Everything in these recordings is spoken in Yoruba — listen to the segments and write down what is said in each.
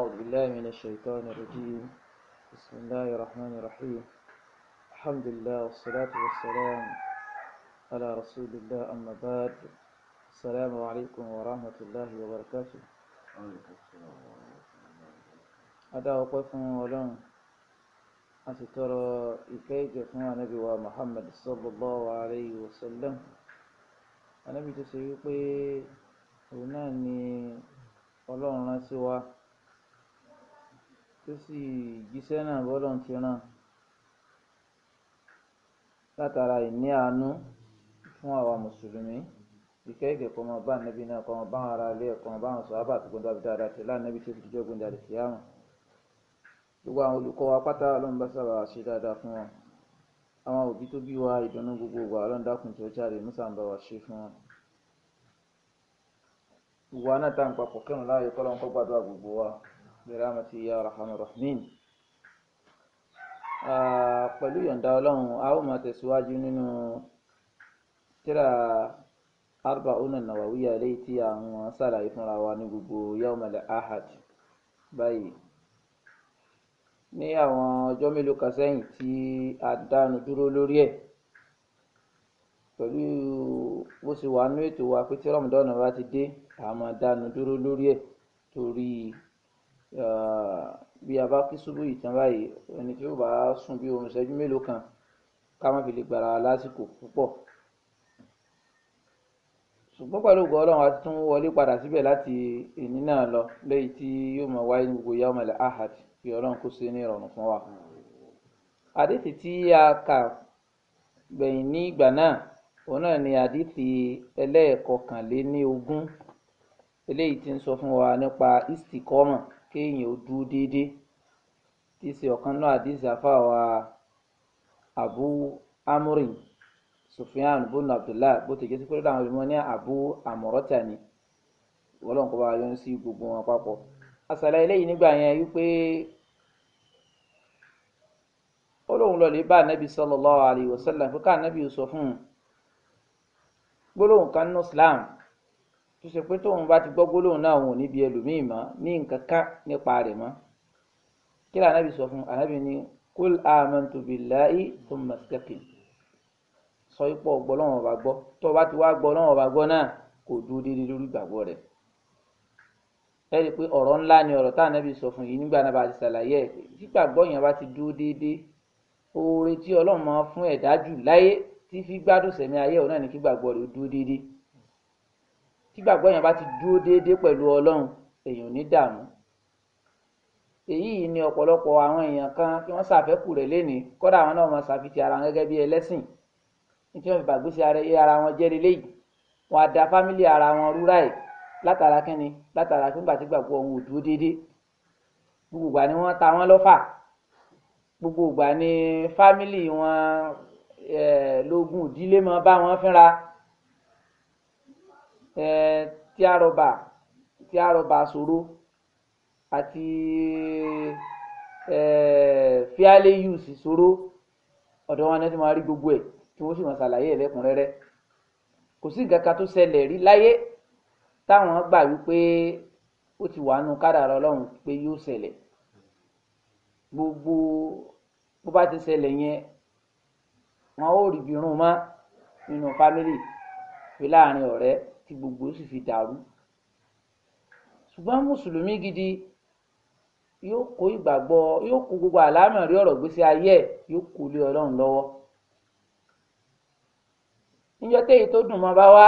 أعوذ بالله من الشيطان الرجيم بسم الله الرحمن الرحيم الحمد لله والصلاة والسلام على رسول الله أما بعد السلام عليكم ورحمة الله وبركاته أدا وقف ولن أتترى إكيك فما نبي محمد صلى الله عليه وسلم أنا بتسيقي هنا أني ọlọ́run rán sí wa tó sì jíṣẹ́ náà bọ́lọ́run ti rán látara ìní àánú fún àwa mùsùlùmí ìkẹ́ ìkẹ́kọ̀ọ́ ọmọ bá nẹ́bí náà kọ́ ọmọ bá wọn ara ilé ẹ̀kọ́ ọmọ bá wọn sọ ábà àtúgbọ́n dábí dáadáa tẹ̀lé ànẹ́bí tó fi jọ́ gbọ́ndà lè kíyàmù gbogbo àwọn olùkọ́ wa pátá ọlọ́run bá sábà ṣe dáadáa fún wọn àwọn òbí tó bí wa ìdùnnú gbogbo wa ọlọ́run dákun tó jáde musa ń bá wa ṣe fún wọn. ìwà náà tá à ń papọ̀ láàyè kọ́ برحمتك يا أرحم الراحمين pẹ̀lú yọ̀ǹda ọlọ́run a ó máa tẹ̀síwájú nínú tíra arba'una nawawiyya léyìí tí àwọn sàlàyé fúnra wa ní gbogbo yawmal ahad báyìí ní àwọn ọjọ́ mélòó kan sẹ́yìn tí a dánu dúró lórí ẹ̀ pẹ̀lú bó ṣe wà nínú ètò wa pé tí rọ̀mùdọ́nà bá ti dé a máa dánu dúró lórí ẹ̀ torí bí a bá kí ṣubú yìí tán báyìí ẹni tí ó bá sùn bí oorun ìṣẹ́jú mélòó kan ká má fi lè gbára lásìkò púpọ̀ ṣùgbọ́n pẹ̀lú ògùn ọlọ́run a ti tún wọlé padà síbẹ̀ láti èní náà lọ lẹ́yìn tí yóò máa wáyé ní gbogbo yawm al-ahad bí ọlọ́run kó ṣe ní ìrọ̀rùn fún wa. àdìsí tí a kà gbẹ̀yìn ní ìgbà náà òun náà ni àdìsí ẹlẹ́ẹ̀kọkànléní ogún eléyìí ti ń sọ fún wa nípa istikọ́mọ̀ kéèyàn ó dúró déédéé tí í ṣe ọ̀kan náà àdìsí àfàwà Abu Amri Sufyan bùnú Abdullah bó ti jẹ́ sí pé àwọn olùmọ̀ ní Abu Amrata ni wọ́lọ́n kó bá yọnu sí gbogbo wọn papọ̀ àṣàlà eléyìí nígbà yẹn wípé ó lóun lọ lè bá anabi sallallahu alaihi wasallam pé ká anabi sọ fún un gbólóhùn kan nínú Islam tó ṣe pé tóun bá ti gbọ́ gbólóhùn náà òun ò ní bi ẹlòmíì mọ́ ní nǹkan ká nípa rẹ̀ mọ́ kí lóò anábì sọ fún anábì ní kúl amantu billahi thumma istaqim sọ ipò ọgbọ́ lọ́wọ́ ọba gbọ́ tó o bá ti wá gbọ́ lọ́wọ́ ọba gbọ́ náà kò dúró déédéé lórí ìgbàgbọ́ rẹ̀ ẹ rí i pé ọ̀rọ̀ ńlá ni ọ̀rọ̀ tá anábì sọ fún yìí nígbà náà bá ti ṣàlàyé ẹ̀ pé gbígbàgbọ́ yẹn bá ti dúró déédéé oore tí ọlọ́run máa fún ẹ̀dá jù láyé tí fi gbádùn sẹ̀mí ayé òun náà ní kí gbàgbọ́ rẹ̀ dúró déédéé tígbàgbọ́ èèyàn bá ti dúró déédéé pẹ̀lú ọlọ́run èèyàn ní dààmú èyí ni ọ̀pọ̀lọpọ̀ àwọn èèyàn kan tí wọ́n ṣàfẹ́kù rẹ̀ lénìí kọ́dà àwọn náà máa ṣàfitì ara wọn gẹ́gẹ́ bí ẹlẹ́sìn ní tí wọ́n fi bàgbésí ara wọn jẹ́ lélẹ́yìí wọn á da fámìlì ara wọn rúra ẹ̀ látara kínni látara nígbà tí gbàgbọ́ wọn ò dúró déédéé gbogbo ìgbà ni wọ́n ta wọ́n lọ́fà gbogbo ìgbà ni fámìlì wọn lógún ìdílé máa bá wọn fínra um tíá rọbà tíá rọbà soro àti um fairly use soro ọ̀dọ̀ wọn náà ti máa rí gbogbo ẹ̀ tí wọ́n sì máa ṣàlàyé ẹ̀ lẹ́kùnrẹ́rẹ́ kò sí nǹkan kan tó ṣẹlẹ̀ rí láyé táwọn gbà wípé ó ti wà nù kádàrá Ọlọ́run pé yóò ṣẹlẹ̀ gbogbo bó bá ti ṣẹlẹ̀ yẹn wọn ó rí bí irun nínú fámìlì fi láàrin ọ̀rẹ́ tí gbogbo ó sì fi dàrú ṣùgbọ́n mùsùlùmí gidi yóò kó ìgbàgbọ́ yóò kó gbogbo àlámọ̀ rí ọ̀rọ̀ gbèsè ayé ẹ̀ yóò kó lé ọlọ́run lọ́wọ́ níjọ́ téyí tó dùn mọ́ bá wá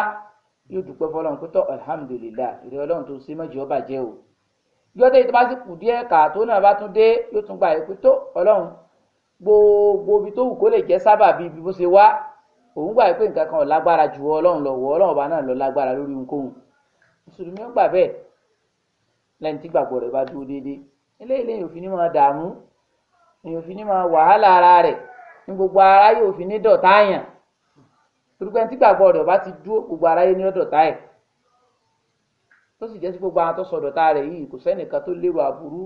yóò dúpẹ́ fọlọ́run pé tọ́ alhamdulilah ìrẹ́ ọlọ́run tó ṣe mọ́jì ọba jẹ́ o níjọ́ téyí tó bá sì kù díẹ̀ kà tó náà bá tún dé yóò tún gbà yẹ pé tó ọlọ́run gbogbo ibi tó wù kó lè jẹ́ sábàbí ibi bó ṣe wá òun gbà pé nǹkan kan ò lágbára jù wọ ọlọ́run lọ wọ ọlọ́run ọba náà lọ lágbára lórí ohunkóhun mùsùlùmí ó gbà bẹ́ẹ̀ lẹ́ni tí gbàgbọ́ rẹ̀ bá dúró déédéé eléyìí lẹ́yìn òfin ní máa dààmú lẹ́yìn òfin ní máa wàhálà ara rẹ̀ ní gbogbo ara yóò fi ní dọ̀tá àyàn torí pé tí gbàgbọ́ rẹ̀ ọba ti dúró gbogbo aráyé ní ọ̀dọ̀ta ẹ̀ tó sì jẹ́ sí gbogbo àwọn tó sọ ọ̀dọ̀ta rẹ̀ yìí kò sẹ́nìkan tó lérò aburú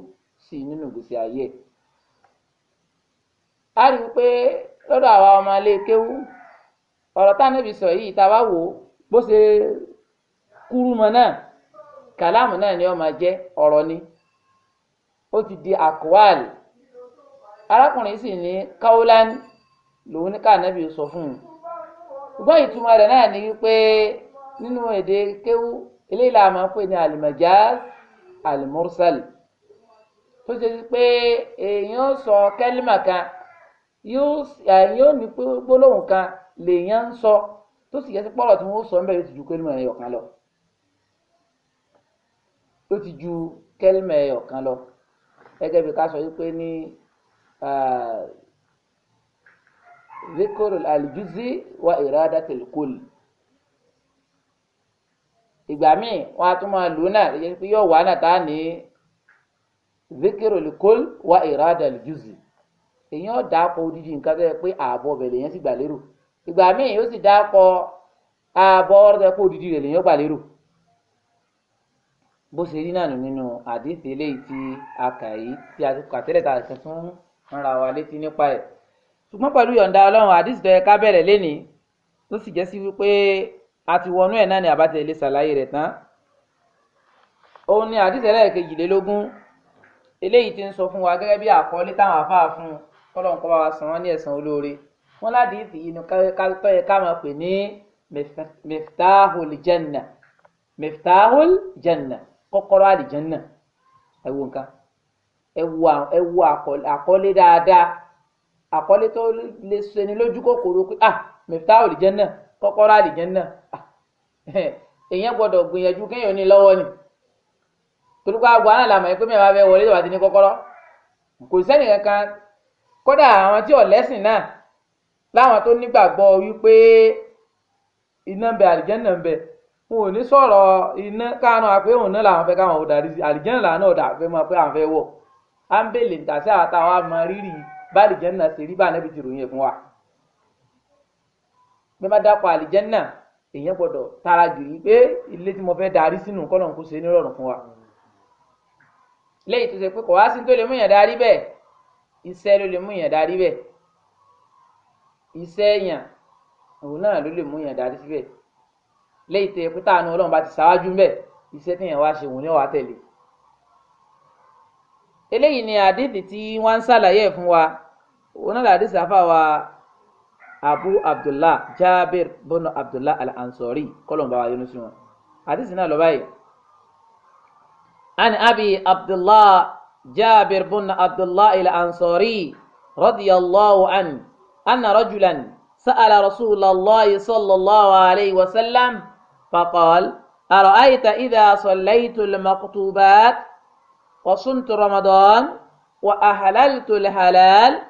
sí nínú ìgbésí ayé ẹ̀. a rí i pé lọ́dọ̀ àwa ọmọ ilé kéwú ọ̀rọ̀ tá ànábì sọ yìí tá a bá wò ó bó ṣe kúrú mọ náà kàlámù náà ni ó máa jẹ́ ọ̀rọ̀ ni ó ti di àkọwàl arákùnrin sì ní káwọlán lòun ní káànábì sọ fún un ṣùgbọ́n ìtumọ̀ rẹ̀ náà ni wípé nínú èdè kéwú eléyìí la máa ń pè ní alimajaz alimursal tó ṣe pé èèyàn sọ kẹ́límà kan yóò ní gbólóhùn kan lèèyàn ń sọ tó sì yẹ sí pọ́lọ̀ tí wọ́n sọ ń bẹ̀ yóò ti ju kẹ́límà ẹ̀yọ̀ kan lọ yóò ti ju kẹ́límà ẹ̀yọ̀ kan lọ gẹ́gẹ́ bí ká sọ wípé ní zikorul alijuzi wa iradatil kul ìgbà míì wọn a tún máa lò náà lè jẹ́ pé yóò wà náà tá ní zikirul kul wa iradal juzi èyàn dàpọ̀ odidi nǹkan tó yẹ pé ààbọ̀ bẹ̀rẹ̀ yẹn sì gbà lérò ìgbà míì ó sì dákọ ààbọ̀ ọ̀rọ̀ kó odidi rẹ̀ lèyàn gbà lérò bó ṣe rí náà nínú àdéhùn eléyìí tí a kà yìí tí a ti kà tẹ́lẹ̀ tá a kàn tún ń wa létí nípa ẹ̀ ṣùgbọ́n pẹ̀lú yọ̀ǹda ọlọ́run àdéhùn tó yẹ ká bẹ̀rẹ̀ lénìí tó sì jẹ́ sí wípé a ti wọnú ẹ̀ náà ni àbátẹ̀ lè ṣàlàyé rẹ̀ tán òun ni àdéhùn ẹlẹ́ẹ̀kejìlélógún eléyìí ti ń sọ fún wa gẹ́gẹ́ bí àkọlé táwọn afáà fún kọ́lọ́n kọ́ wọn ládìísì yìí ni tó yẹ ká máa pè ní miftahul janna miftahul janna kọ́kọ́rọ́ àlìjanna ẹ wo nǹkan ẹ wo ẹ wo àkọlé dáadáa àkọlé tó lè ṣeni lójú kòkòrò pé ah miftahul janna kọ́kọ́rọ́ àlìjanna ah, èèyàn gbọ́dọ̀ gbìyànjú kéèyàn ní lọ́wọ́ ni torípa àgbà náà làmọ̀ yìí pé mẹ́wàá fẹ́ wọlé ìwà ti ní kọ́kọ́rọ́ kò sẹ́nì kankan kódà àwọn tí ò lẹ́sìn náà láwọn tó nígbàgbọ́ wípé iná bẹ àlìjẹ́nà bẹ wọn ò ní sọ̀rọ̀ iná káàánú àpé òun náà làwọn fẹ́ káwọn ò darí sí àlìjẹ́nà làwọn náà dà máa pé àwọn fẹ́ wọ̀ à ń bèlè ntàsí àtàwọn àmọ́ rírì bá àlìjẹ́nà ṣe rí bá ànábì ti ròyìn ẹ̀ wa. bí wọ́n dápọ̀ àlìjẹ́nà èèyàn gbọ́dọ̀ tara jù yí pé ilé tí mo fẹ́ darí sínú kọ́nà kó ṣe nírọ̀rùn fún wa. lẹ́yìn tó ṣe pé kò wá sí tó lè mú yàn darí bẹ́ẹ̀ iṣẹ́ ló lè mú yàn darí bẹ́ẹ̀ iṣẹ́ èèyàn òun náà ló lè mú èèyàn darí síbẹ̀ lẹ́yìn tẹ pé táànù ọlọ́run bá ti ṣáwájú mbẹ̀ iṣẹ́ téèyàn wá ṣe òun ni wàá tẹ̀lé eléyìí ni àdìsí tí wọ́n ń ṣàlàyé ẹ̀ fún wa òun náà làdìsí àfà wa abu abdullah jabir bono abdullah al-ansori kọlọmba wa yọnu sí wọn àdìsí náà lọ báyìí ani abi abdullah jabir bono abdullah al-ansori radiyallahu anhu. أن رجلا سأل رسول الله صلى الله عليه وسلم فقال أرأيت إذا صليت المقطوبات وصمت رمضان وأحللت الحلال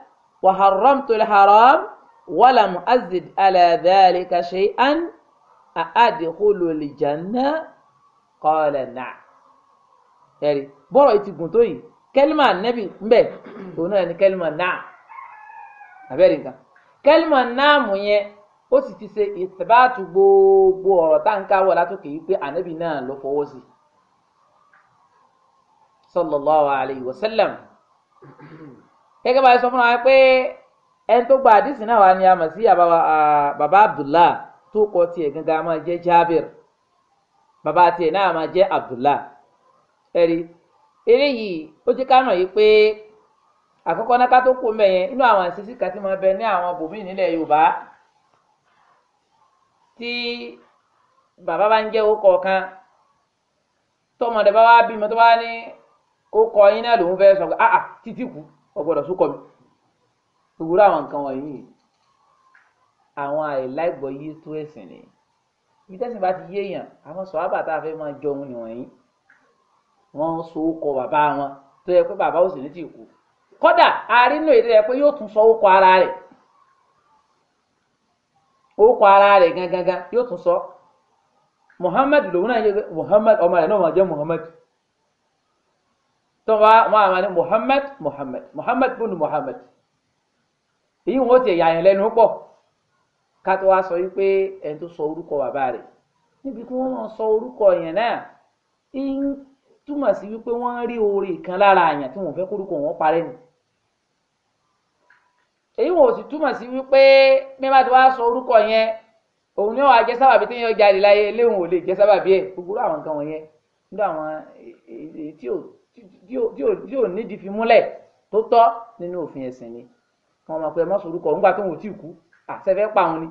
وحرمت الحرام ولم أزد على ذلك شيئا أأدخل الجنة قال نعم يعني برا etí كلمة tó النبي kẹ́límà هنا ń يعني نعم òun kelman náàmúyẹn ó sì ti ṣe ìtìbáàtù gbogbo ọ̀rọ̀ tá à ń káwọ́ látòkè yìí pé ànábì náà ló fọwọ́ sí sallallahu alayhi wa sallam gẹ́gẹ́ bá a sọ fún wa pé ẹni tó gba àdìsí náà wà ní àmọ̀ baba bàbá abdullah tó kọ tiẹ̀ gangan máa jẹ́ jabir baba tiẹ̀ náà máa jẹ́ abdullah ẹ̀rí eléyìí ó jẹ́ ká yìí pé àkọ́kọ́ náà ká tó kó mẹ́yẹn inú àwọn àṣìṣe kan tí mo bẹ ní àwọn bòmíì nílẹ̀ yorùbá tí bàbá bá ń jẹ́ orúkọ kan tọmọdé bá wá bímọ tó bá ní orúkọ yín náà lòun fẹ́ sọ pé ah ah títí kù ọgbọ́dọ̀ súnkọ mi ìwúrọ̀ àwọn nǹkan wọ̀nyí àwọn àìláìgbọ́ yé tó ẹ̀sìn ni ìtẹ́sìn bá ti yéèyàn àwọn sọ̀hábà tá a fẹ́ máa jọun nìwọ̀nyí wọ́n so kọ bàbá wọn tó yẹ pé bàbá ò sì ní tì kú kódà àárínú èdè rẹ pé yóò tún sọ orúkọ ara rẹ orúkọ ara rẹ gangan yóò tún sọ Muhammad lòun náà yẹ pé Muhammad ọmọ rẹ náà máa jẹ Muhammad tó wá wọn àwọn àni èyí wọn lẹ́nu pọ̀ wá sọ yìí pé ẹni tó sọ orúkọ bàbá rẹ níbi kí wọn sọ orúkọ yẹn náà ń túmọ̀ èyí wọn ò sì túmọ̀ sí wípé mímá ti wá sọ orúkọ yẹn òun ni wàá jẹ sábàbí téèyàn jáde láyé eléwọn ò lè jẹ sábàbí ẹ gbogbo àwọn nǹkan wọ̀nyẹn nínú àwọn tí ò nídìí fi múlẹ̀ tó tọ́ nínú òfin ẹ̀sìn ni wọn mọ̀ pé ẹ má sọ orúkọ ńgbà tó wọn ò tí ì kú àṣẹfẹ́ pa wọn ni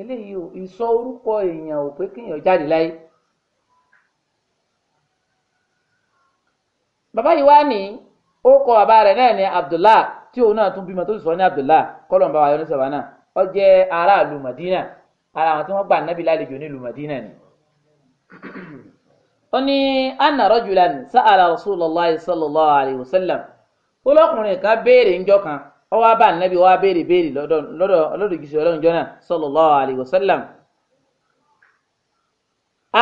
eléyìí ò ìsọ orúkọ èèyàn ò pé kéèyàn jáde láyé. bàbá yìí wá ní orúkọ bàbá rẹ̀ náà ní Abdullah tí òun náà tún bímọ tó sì sọ ní abdullah kọlọm bá wa yọnu sọba náà ó jẹ aráàlú madina ara àwọn tí wọn gbà nábì lálejò nílùú madina ni. ó ní anna rajulan sa'ala rasulallah sallallahu alayhi wa sallam olókùnrin kan béèrè ńjọ́ kan ó wá bá nábì wá béèrè béèrè lọ́dọ̀ lọ́dọ̀ jùsọ Ọlọ́run jọ náà sallallahu alayhi wa sallam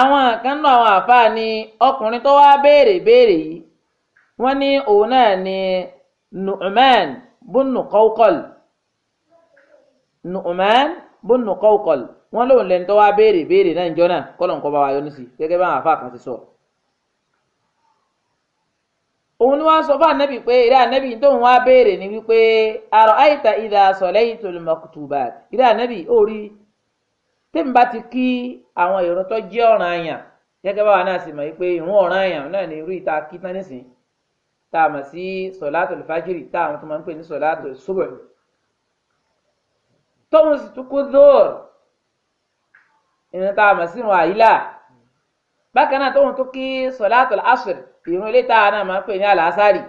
àwọn kan náà àwọn àfáà ni ọkùnrin tó wá béèrè béèrè yìí wọn ní òun náà ni Nu'man bùnú Qawqal Nu'man bùnú Qawqal wọ́n lóun lẹ́ni tó wá béèrè béèrè náà ìjọ náà kọ́lọ̀ ń kọ́ bá wa yọ nísì gẹ́gẹ́ bá àwọn afáàkàn ti sọ. òun ni wọ́n sọ fún anabi pé ìrẹ́ anabi tóun wá béèrè ni wípé àrò àìta ìdá solaytul maktubat ìrẹ́ anabi ó rí tẹ́mi bá ti kí àwọn ìrun tó jẹ́ ọ̀ranyàn gẹ́gẹ́ bá wa náà sì mọ̀ wípé ìrun ọ̀ranyàn náà ni irú ìta kí tán nísìnyí tá a mọ̀ sí sọ̀láàtò lùfájìrì tá àwọn tó máa ń pè ní sọ̀láàtò ṣubú tóun sì tún kú dóòr ìrìn tá a mọ̀ sí ìrun àyílà bákan náà tóun tún kí sọ̀láàtò asùr ìrun ilé tá a náà máa ń pè ní àlàásárì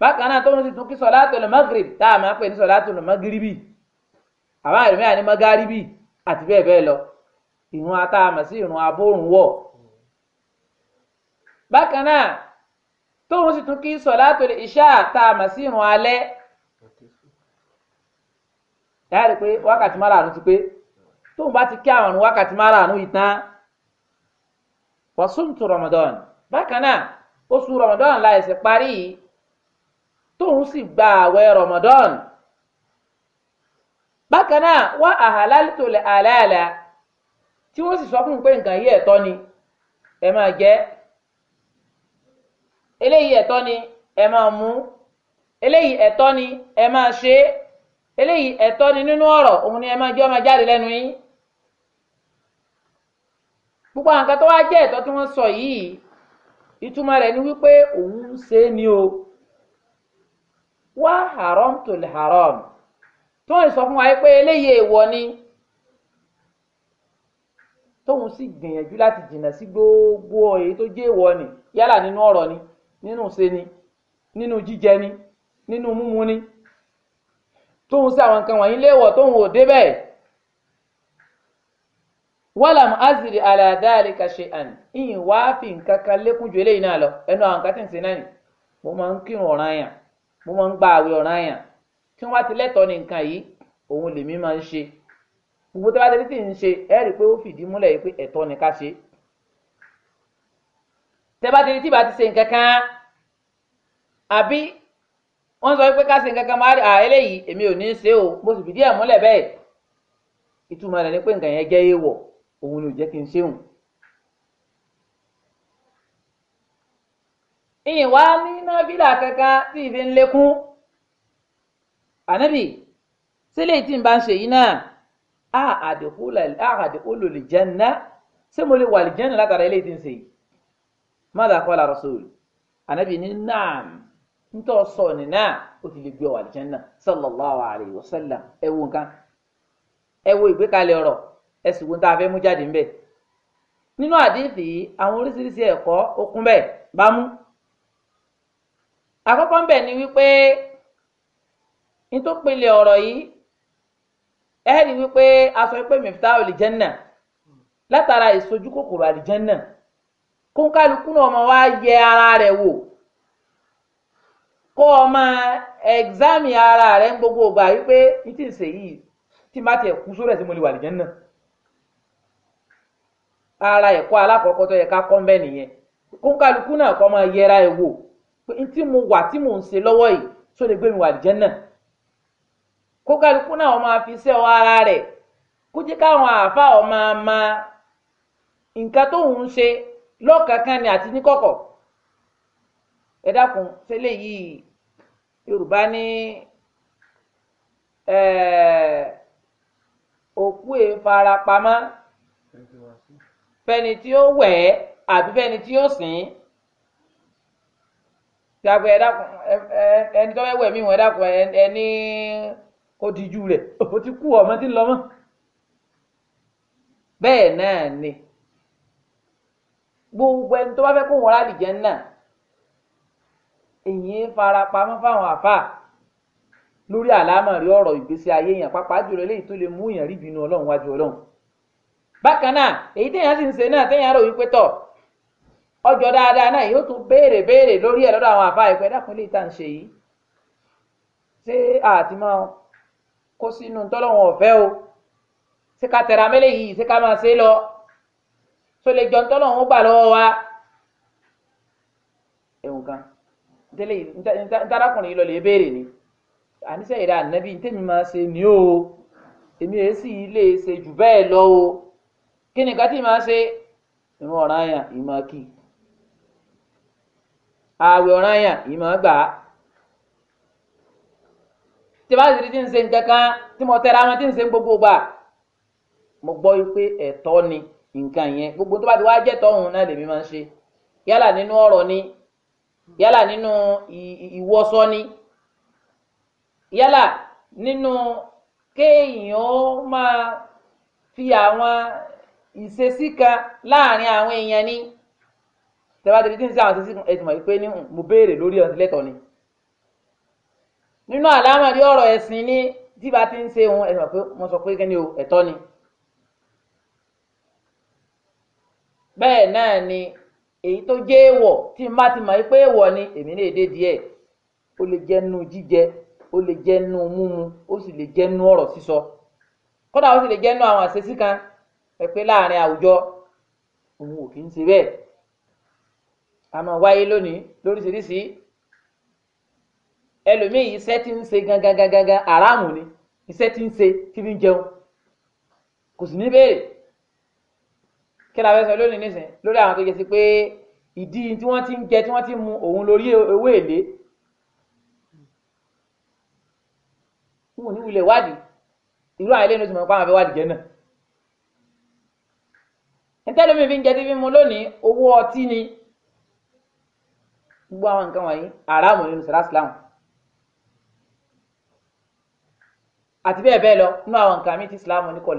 bákan náà tóun sì tún kí sọ̀láàtò lùmọ́gìrìbì tá a máa ń pè ní sọ̀láàtò lùmọ́gìrìbì àwọn àìrìnmẹ́yà ní mọ́gàríbì àti bẹ́ẹ̀ bẹ́ẹ̀ lọ ìrun atáàmọ̀ sí ìrun abórùnwọ̀ bákan náà tóun sì tún kí sọ̀látò ìṣá tá a mà sí ìrun alẹ́ dáàrí pé wákàtí márààrún ti pé tóun bá ti kí àwọn wákàtí márààrún yìí tán wàsúùtù Ramadan bákan náà oṣù Ramadan la ẹsẹ parí tóun sì gba àwẹ̀ Ramadan bákan náà wá àhàlálítò àlàálà tí wọ́n sì sọ fún un pé nǹkan yìí ẹ̀tọ́ ni ẹ máa jẹ eléyìí ẹ̀tọ́ ni ẹ máa mú eléyìí ẹ̀tọ́ ni ẹ máa ṣe é eléyìí ẹ̀tọ́ ni nínú ọ̀rọ̀ òun ni ẹ máa jẹ ọmọ jáde lẹ́nu yín gbogbo àwọn kan tó wá jẹ́ ẹ̀tọ́ tí wọ́n sọ yìí ìtumọ̀ rẹ̀ ni wípé òun ń ṣe é ní o wá haram tó lè haram tí wọ́n sọ fún wa pé eléyìí èèwọ̀ ni tóun sì gbìyànjú láti jìnnà sí gbogbo èyí tó jẹ́ èèwọ̀ ni yálà nínú ọ̀rọ̀ ni nínú ṣe ni nínú jíjẹ ni nínú mímu ni tóun sí àwọn nǹkan wọ̀nyí léèwọ̀ tóun ò débẹ̀ wàlàm azìrì àlàdáàlì kàṣe àn ìyìn wá fi nǹkan kan lékún ju eléyìí náà lọ ẹnu àwọn nǹkan tí ń ṣe náà ni mo máa ń kírun ọ̀ràn àyàn mo máa ń gba àwẹ̀ ọ̀ràn àyàn tí wọ́n bá ti lẹ́tọ̀ọ́ ní nǹkan yìí òun lèmi máa ń ṣe gbogbo tó bá tẹ́lẹ̀ ń ṣe ẹ́ rí i pé ó fìdí múlẹ̀ yìí pé ẹ̀tọ́ ni ká ṣe é tẹ́bá ti ní tí ìbá ti ṣe nǹkan kan àbí wọ́n sọ pé ká ṣe nǹkan kan máa eléyìí èmi ò ní ṣe o mo sì fìdí ẹ̀ múlẹ̀ bẹ́ẹ̀ ìtumọ̀ rẹ̀ ni pé nǹkan yẹn jẹ́ èèwọ̀ òun ni ò jẹ́ kí n ṣéhùn. ìyìn wá ní nábìlà kankan tí ìfi ń lékún ànábì sílẹ̀ tí n bá ń ṣe yìí náà a àdìkú lòlì jẹ́ ńná ṣé mo lè wà lè jẹ́ ńná látara eléyìí tí ń ṣe yìí. mọ́dà kọ́lá rasul anabi ní naam ntọ́ sọ ní náà ó ti lè gbé ọ àlìjẹ́nà sallallahu alayhi wa sallam ẹ wo nǹkan ẹ wo ìgbékalẹ̀ ọ̀rọ̀ ẹ sì wo ní ni wípé nítorí pinlẹ̀ ọ̀rọ̀ yìí ẹ látara kónkálukú náà ọmọ wa yẹ ara rẹ̀ wò kó o máa ẹgzámì ara rẹ̀ ń gbogbo ògbà wípé ní tí ń ṣe yìí tí má tiẹ̀ kú sórí ẹ̀ tí mo lè wà lìjẹ́ náà ara ẹ̀kọ́ alákọ̀ọ́kọ́ tó yẹ ká kọ́ mbẹ́ nìyẹn kónkálukú náà kọ́ máa yẹra ẹ̀ wò pé ní tí mo wà tí mò ń ṣe lọ́wọ́ yìí tó lè gbé mi wà lìjẹ́ náà kónkálukú náà ọmọ àfi ọ ara rẹ̀ kó káwọn àáfàá ọmọ àmà nǹkan tóun ń ṣe lọ́kànkán ni àti níkọ̀kọ̀ ẹ dákun ṣẹlẹ̀ yìí yorùbá ní òkú ẹ farapamọ́ fẹ́ni tí ó wẹ̀ ẹ́ àbí fẹ́ni tí ó sìn tí a gbé ẹ dákun ẹni tó fẹ́ wẹ̀ mí wọn ẹ dákun ẹni kò díjú rẹ̀ ó ti kú ọmọ tí ń lọ mọ́ bẹ́ẹ̀ náà ni gbogbo ẹni tó bá fẹ́ kó wọn rà lìjẹ́ ńnà èyí fara pamọ́ fáwọn àfà lórí àlámọ̀rí ọ̀rọ̀ ìgbésí ayé yẹn pàápàá jùlọ eléyìí tó lè mú yẹn rí ìbínú ọlọ́run wájú ọlọ́run bákan náà èyí téèyàn sì ń ṣe náà téèyàn rò wípé tọ̀ ọjọ́ dáadáa náà yóò tún béèrè béèrè lórí ẹ̀ lọ́dọ̀ àwọn àfà ìpẹ́ dákun eléyìí tá à ń ṣe yìí ṣé àti máa kó sínú tọ́lọ́wọ̀n ọ̀fẹ́ o ṣé ká tẹ̀ra mẹ́lẹ̀ yìí ṣé ká máa ṣe é lọ tó lè jọ ntọ́lọ̀ ń gbà lọ́wọ́ wa ẹ̀wù gan ntẹ́lẹ̀ ntarakùnrin yìí lọ lè béèrè ni àníṣe ìdá ànábì ntẹ́mi máa ṣe ni o èmi èé sì lè ṣe jù bẹ́ẹ̀ lọ o kí ni kátì máa ṣe ìmọ̀ ọ̀ràn àyàn ìmọ̀ kì í ààwẹ̀ ọ̀ràn àyàn ìmọ̀ gbà á tí bá sì ti ń ṣe nǹkan kan tí mo tẹra wọn tí ń ṣe gbogbo gbà mo gbọ́ pé ẹ̀tọ́ ni nǹkan yẹn gbogbo tó bá ti wá jẹ́ tọ́hún náà lèmi máa ń ṣe yálà nínú ọ̀rọ̀ ni yálà nínú ìwọṣọ ni yálà nínú kéèyàn máa fi àwọn ìṣesí kan láàrin àwọn èèyàn ni tẹ́wádìí tí ń sẹ́ àwọn ìṣesí kan ẹ̀sìn mọ̀ pé ní hmm, mo béèrè lórí ọ̀sìnlẹ́tọ̀ ni nínú àlámọ̀rí ọ̀rọ̀ ẹ̀sìn ni tí bá ti ń ṣe òun ẹ̀sìn mọ̀ pé wọ́n sọ pé kí ni o ẹ̀tọ́ ni. bẹ́ẹ̀ náà ni èyí tó jẹ́ èèwọ̀ tí n bá ti mọ̀ pé èèwọ̀ ni èmi náà èdè díẹ̀ ó lè jẹ́ nu jíjẹ ó lè jẹ́ nu múmu ó sì lè jẹ́ nu ọ̀rọ̀ sísọ kódà ó sì lè jẹ́ nu àwọn àṣesí kan pẹ̀pẹ́ láàrin àwùjọ òun ò kì í ṣe bẹ́ẹ̀ àmọ́ wáyé lónìí lóríṣiríṣi ẹlòmíì iṣẹ́ tí ń ṣe gangan gangan aráàmù ni iṣẹ́ tí ń ṣe kí ni jẹun kò sì ní béèrè kí la fẹ́ sọ lónìí nísìnyí lórí àwọn tó jẹ sí pé ìdí tí wọ́n ti ń jẹ tí wọ́n ti ń mu òun lórí owó èlé wọn ò ní wulẹ̀ wádìí irú àwọn eléyìí ti mọ̀ pé àwọn fẹ́ wádìí jẹ náà ntẹ́lómi fi ń jẹ tí fi ń mu lónìí owó ọtí ni gbogbo àwọn nǹkan wọ̀nyí àràmù nínú sàràsìlámù àti bẹ́ẹ̀ bẹ́ẹ̀ lọ nínú àwọn nǹkan mi ti sìlámù ní kò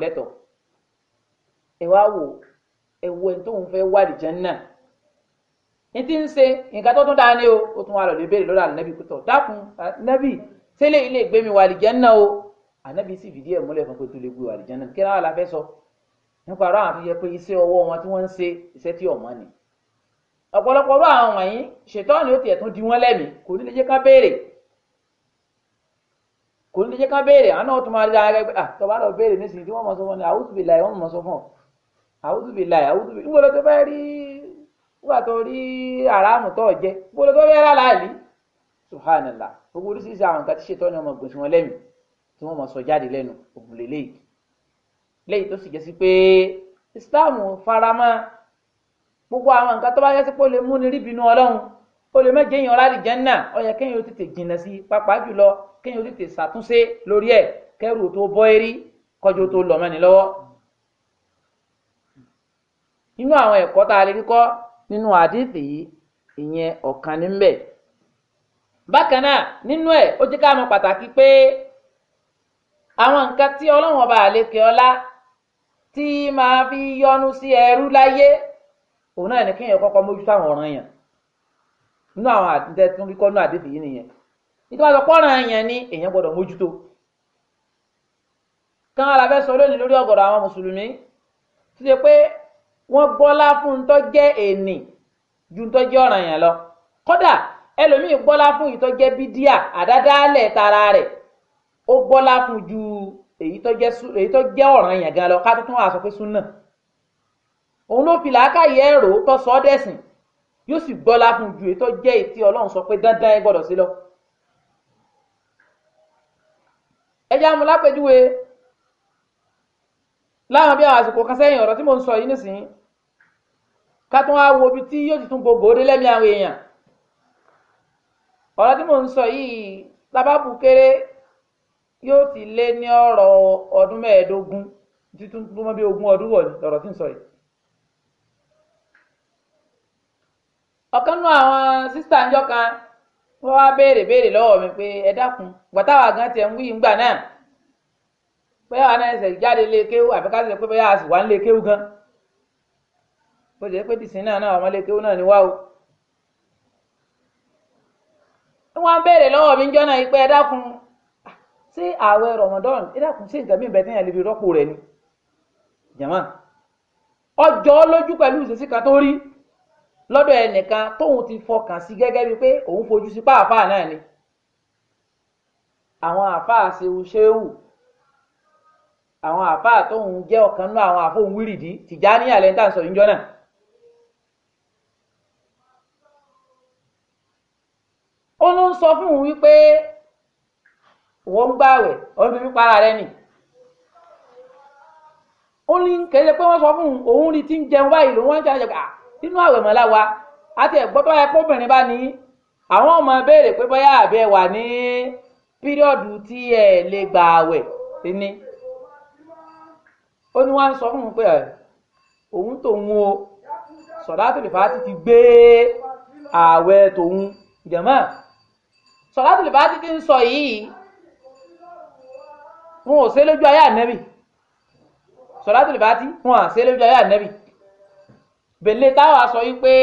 ẹ wá wò ó ẹwọ ẹni tóun fẹ́ wà àdìjẹ náà ní ti ń ṣe nǹkan tó tún dáa ní o ó tún wà lọ lè béèrè lọ́dọ̀ ànábì kútọ dákun ànábì tẹ́lẹ̀ ilé ìgbé mi wà àdìjẹ náà o ànábì sì fìdí ẹ̀ múlẹ̀ fún pé tó lè gbé wà àdìjẹ náà kí náà la fẹ́ sọ nípa ara àwọn tó yẹ pé iṣẹ́ ọwọ́ wọn tí wọ́n ń ṣe iṣẹ́ tí ọmọ ni ọ̀pọ̀lọpọ̀ ọ̀rọ̀ àwọn wọ̀nyí ṣètọ́ni ó tiẹ̀ tún di wọ́n lẹ́mìí kò ní lè jẹ́ ká béèrè kò ní lè jẹ́ ká béèrè àwọn náà tún máa rí ara ẹgbẹ́ àtọ́wá lọ béèrè nísìnyí tí wọ́n mọ̀ sọ fún ọ àwùjọbìlà àwùjọbìlà níbo ló tó fẹ́ rí nígbà tó rí àràmù tó jẹ níbo ló tó fẹ́ rà láàlì subhanallah gbogbo oríṣiríṣi àwọn nǹkan tí ṣètò ni ọmọ gbèsè wọn lẹ́mìí tí wọ́n mọ̀ sọ jáde lẹ́nu ògùn lélẹ́yìí lẹ́yìn tó sì jẹ́ sí pé Islam faramọ́ gbogbo àwọn nǹkan tó bá yẹ sí pé ó lè múni rí bínú Ọlọ́run ó lè mẹ́jẹ yan láti Jánnà ó yẹ kéèyàn ó tètè jìnnà sí i pàápàá jùlọ kéèyàn ó tètè ṣàtúnṣe lórí ẹ̀ kẹ́rù tó bọ́ eré kọjú tó lọ́mọ́ni lọ́wọ́ nínú àwọn ẹ̀kọ́ tá a lè nínú àdìsí yìí ìyẹn ọ̀kan níbẹ̀ bákan náà nínú ẹ̀ ó jẹ́ ká pàtàkì pé àwọn nǹkan tí ọba àlekè ọlá tí máa fi yọ́nú sí ẹrú láyé òun náà ní yẹn nínú àwọn àtúntẹ tó ń nínú àdìsí yìí nìyẹn nítorí àti yẹn ni èèyàn mójútó kán alábẹ́sọ lónìí lórí àwọn mùsùlùmí ti ṣe pé wọ́n bọ́lá fún un tó jẹ́ èèní ju tó jẹ́ ọ̀ranyàn lọ kódà ẹlòmíín bọ́lá fún èyí tó jẹ́ bídíà àdádálẹ̀ tara rẹ̀ ó bọ́lá fún ju èyí tó jẹ́ èyí tó jẹ́ ọ̀ranyàn gan lọ ká tó tún wà sọ pé súnà òun ló fi làákàyè ẹ̀rọ tó sọ ọ́ dẹ̀sìn yóò sì bọ́lá fún ju èyí tó jẹ́ èyí tí ọlọ́run sọ pé dandan ẹ gbọ́dọ̀ sí lọ. ẹja mu lápẹjúwe láwọn bí àwọn àsìkò kan sẹ́yìn ọ̀rọ̀ tí mò ń sọ yìí nísìnyí ká tún wá wo ibi tí yóò ti tún gbogbo dé lẹ́mìí àwọn èèyàn ọ̀rọ̀ tí mò ń sọ yìí tábàbù kéré yóò ti lé ní ọ̀rọ̀ ọdún mẹ́ẹ̀ẹ́dógún títún tó mọ́ bí sọ yìí. ọ̀kan àwọn sísá ńjọ́ kan wọ́n wá béèrè béèrè lọ́wọ́ mi pé ẹ dákun gan tiẹ̀ ń wí ìgbà náà ẹsẹ̀ jáde lé ti bó ṣe pé bìsín náà náà ọmọlé kéwú náà ni wá o. wọ́n á béèrè lọ́wọ́ mi jọ́nà ìpẹ́ ẹ dákun sí ààwẹ̀ Ramadan ẹ dákun sí nǹkan mìíràn bẹ́ẹ̀ tẹ́yàn lè fi rọ́pò rẹ̀ ni jàmá ọjọ́ lójú pẹ̀lú ìṣesí kan tó rí lọ́dọ̀ ẹnìkan tóun ti fọkàn sí gẹ́gẹ́ bíi pé òun fojú sí páàpáà náà ni àwọn àáfàá ṣeun ṣéwù àwọn àáfàá tóun jẹ́ ọ̀kan náà àwọn àfóhùn wírìdì Tìjàní àlẹ́ńtà sọ̀yìnjọ́ náà ó ló ń sọ fún òun wípé wọ́n ń gbààwẹ̀ òun fi pípa ara rẹ nì ó ní kéde pé wọ́n sọ fún òun òun rí ti ń jẹun báyìí lòun wọ́n ń jẹun àjọkà nínú àwẹ̀ mọ́lá wa àti ẹ̀gbọ́n tó yẹ kóbìnrin bá ní àwọn ọmọ béèrè pé bóyá àbẹ wà ní píríọ̀dù tí ẹ lè gbà àwẹ̀ ni ó ní wọ́n sọ fún òun pé òun tòun o sọ̀dá tó lè fà á ti ti gbé ààwẹ̀ tòun jẹ̀mọ́ sọlátùlù fàtí ti ń sọ yìí wọn ò ṣe lójú ayé ànẹ́bì sọlátùlù fàtí wọn à ṣe lójú ayé ànẹ́bì bèlè táwa sọ yìí pé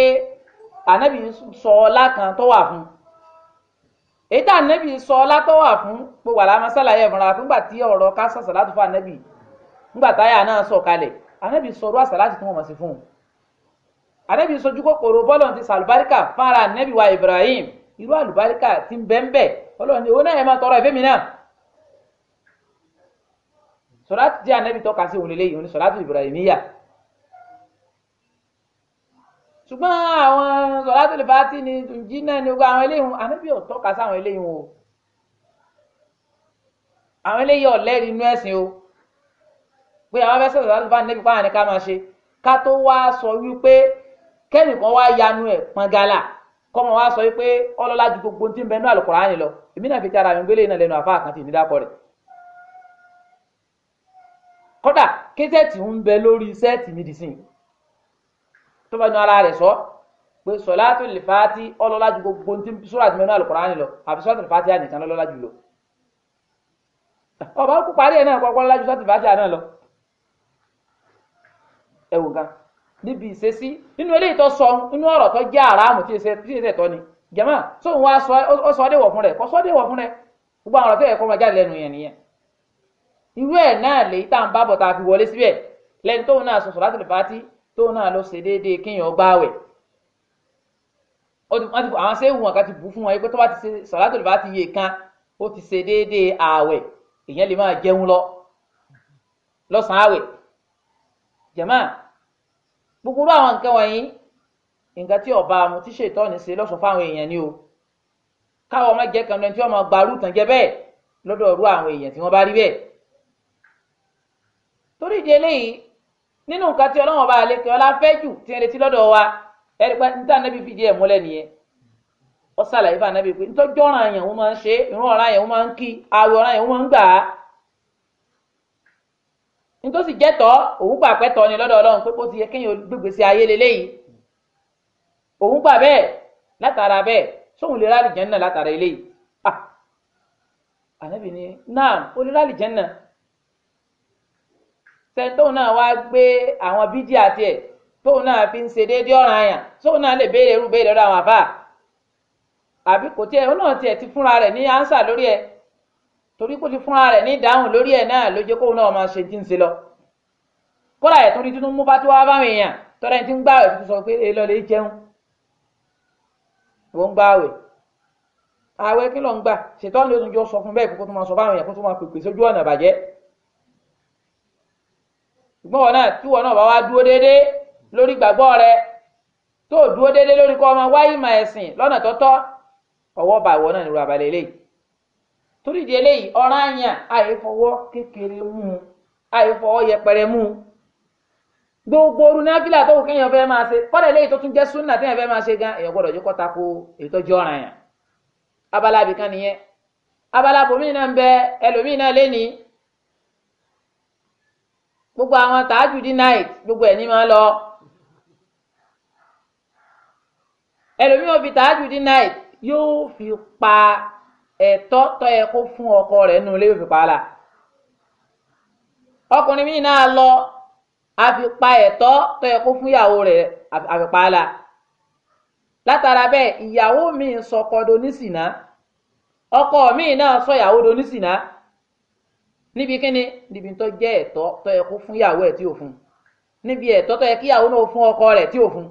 ànẹ́bì sọ ọlá kan tó wà fún èyí tá ànẹ́bì sọ ọlá tó wà fún pé wàhálà máa ṣàlàyé ìfúnra fúngbà tí ọ̀rọ̀ ká sọ sọlátù fún ànẹ́bì nígbà táyà náà sọ kalẹ̀ ànẹ́bì sọ ọdún àṣàlátì tí wọ́n mọ̀ sí fún un ànẹ́bì sojú kòkòrò bọ́lọ̀ ti sàlùbáríkà fára ànẹ́bì wa Ibrahim irú àlùbáríkà tí ń bẹ ń bẹ ọlọ́run ní owó náà ẹ máa tọrọ ẹ̀fẹ́ mi náà sọláàtì jẹ́ ànábì tọ́ka sí òun lélẹ́yìí òun ní sọláàtì Ibrahimiyya ṣùgbọ́n àwọn sọláàtì lùfàtì ni tùjí náà ni ogun àwọn eléyìí ànábì ò tọ́ka sí àwọn eléyìí o àwọn eléyìí ọ̀lẹ́rìí inú ẹ̀sìn o pé àwọn afẹ́sẹ̀ sọláàtì lùfàtì níbi pààyàn ni ká máa ṣe ká tó wá sọ wípé kẹ́nìkan wá yanu ẹ̀ pọ́ngálà kọ́mọ wa sọ wípé ọlọ́lá ju gbogbo tí ń bẹ nú àlùkùránì lọ èmi náà fi ti ara mi gbélé iná lẹ́nu àfa àkàntì nídàkọ rẹ̀ kódà késẹ́ẹ̀tì ń bẹ lórí sẹ́ẹ̀tì mi dì sí i tó bá nu ara rẹ̀ sọ pé sọ̀látù lè fàátì ọlọ́lá ju gbogbo tí ń sọ́ra ti mẹ́nu àlùkùránì lọ àfi sọ́ọ̀tù lè fàátì ànìkan lọ́lá jù lọ ọba kú parí ẹ̀ náà kọ́kọ́ lọ́lá ju sọ́ọ̀tù lè fàátì àná lọ ẹ wò gan-an níbi ìṣesí nínú eléyìí tó sọ nínú ọ̀rọ̀ tó jẹ́ àràmù tí èsè tọ́ ni jẹ̀mọ́ tó ń wá ó sọ déwọ̀ fún rẹ̀ kọ́ sọ déwọ̀ fún rẹ̀ gbogbo àwọn ọ̀rọ̀ tó yẹ kó máa jáde lẹ́nu yẹn nìyẹn irú ẹ̀ náà lèyí tá à ń bá bọ̀ tá a fi wọlé síbẹ̀ lẹ́ni tóun náà sọ sọ̀rọ̀ àti fàtí tóun náà lọ ṣe déédéé kéèyàn gbáwẹ̀ àwọn sẹ́wù wọn kan ti bù fún wọn pé tó bá ti ṣe sọ̀rọ̀ àti fàtí kan ó ti ṣe déédéé ààwẹ̀ èèyàn lè máa jẹun lọ lọ́sàn-án ààwẹ̀ jẹ̀mọ́ gbogbo irú àwọn nǹkan wọ̀nyí nǹkan tí ọba mu tí ṣètọ́ni ṣe lọ́sọ̀ fáwọn èèyàn ni o káwọn ọmọ jẹ kan tí wọn máa gba bẹ́ẹ̀ lọ́dọ̀ àwọn èèyàn tí wọn bá rí bẹ́ẹ̀ torí ìdí eléyìí nínú nǹkan tí Ọlọ́run bá ọlá fẹ́ jù tí retí lọ́dọ̀ wa ẹni pé níta nẹ́bí fìdí ẹ̀ múlẹ̀ nìyẹn fún anábì pé nítòsí jẹ́tọ́ òun gbà pẹ́tọ́ ni lọ́dọ̀ ọlọ́run pé kó ti yẹ kéèyàn gbégbèsè ayé leléyìí òun gbà bẹ́ẹ̀ látara bẹ́ẹ̀ sóhun lè rálì jẹ́nà látara eléyìí ah ànábì ni náà ó lè rálì jẹ́nà sẹ́ńtòun náà wá gbé àwọn bídíà tiẹ̀ tóun náà fi ń ṣe déédéé ọ̀ràn àyàn tóun náà lè béèrè irú béèrè lọ́dọ̀ àwọn àbá àbí kò tiẹ̀ òun náà tiẹ̀ ti fúnra rẹ̀ ní ánsà lórí ẹ̀ torí kó ti fúnra rẹ̀ ní ìdáhùn lórí ẹ̀ náà ló jẹ́ kóun náà máa ṣe tí ń ṣe lọ kódà ẹ̀ tún rí tuntun mú bá tí wàá báwọn èèyàn tọ́lá ẹni tí ń gbààwẹ̀ tuntun sọ pé èyí lọ́lẹ̀ jẹun ìwọ ń gbààwẹ̀ ààwẹ̀ kí ló ń gbà ṣètọ́ni ló tún jọ sọ fún bẹ́ẹ̀ kó tó máa sọ báwọn èèyàn kó tó máa pèpè sójú ọ̀nà ìbàjẹ́ ṣùgbọ́n wọn náà tí wọn náà bá wá dúró déédéé lórí gbàgbọ́ rẹ tó dúró déédéé lórí kọ́ ọmọ wáyé ìmọ̀ ẹ̀sìn lọ́nà tó ọwọ́ bá ìwọ náà nírú abalẹ̀ eléyìí torí ìdí eléyìí ọ̀ràn àyàn àìfọwọ́ kékeré mú un yẹpẹrẹ mú un gbogbo oru náfìlà tó kù kéèyàn fẹ́ máa ṣe kọ́lẹ̀ eléyìí tó tún jẹ́ súnà téèyàn fẹ́ máa ṣe gan èèyàn gbọ́dọ̀ jókòó abala abìkan nìyẹn abala gbogbo àwọn tààjù dí gbogbo máa lọ ò fi tààjù dí fi pa ẹ̀tọ́ tọ́ yẹ fún ọkọ rẹ nínú ilé yóò fi ọkùnrin náà lọ àfipá ẹ̀tọ́ tọ́ yẹ fún ìyàwó rẹ̀ àfipá là látara bẹ́ẹ̀ ìyàwó sọkọ ọkọ míì náà sọ ìyàwó donísìnà níbi kíni níbi tó jẹ́ ẹ̀tọ́ tọ́ fún ìyàwó tí ọkọ rẹ tí fún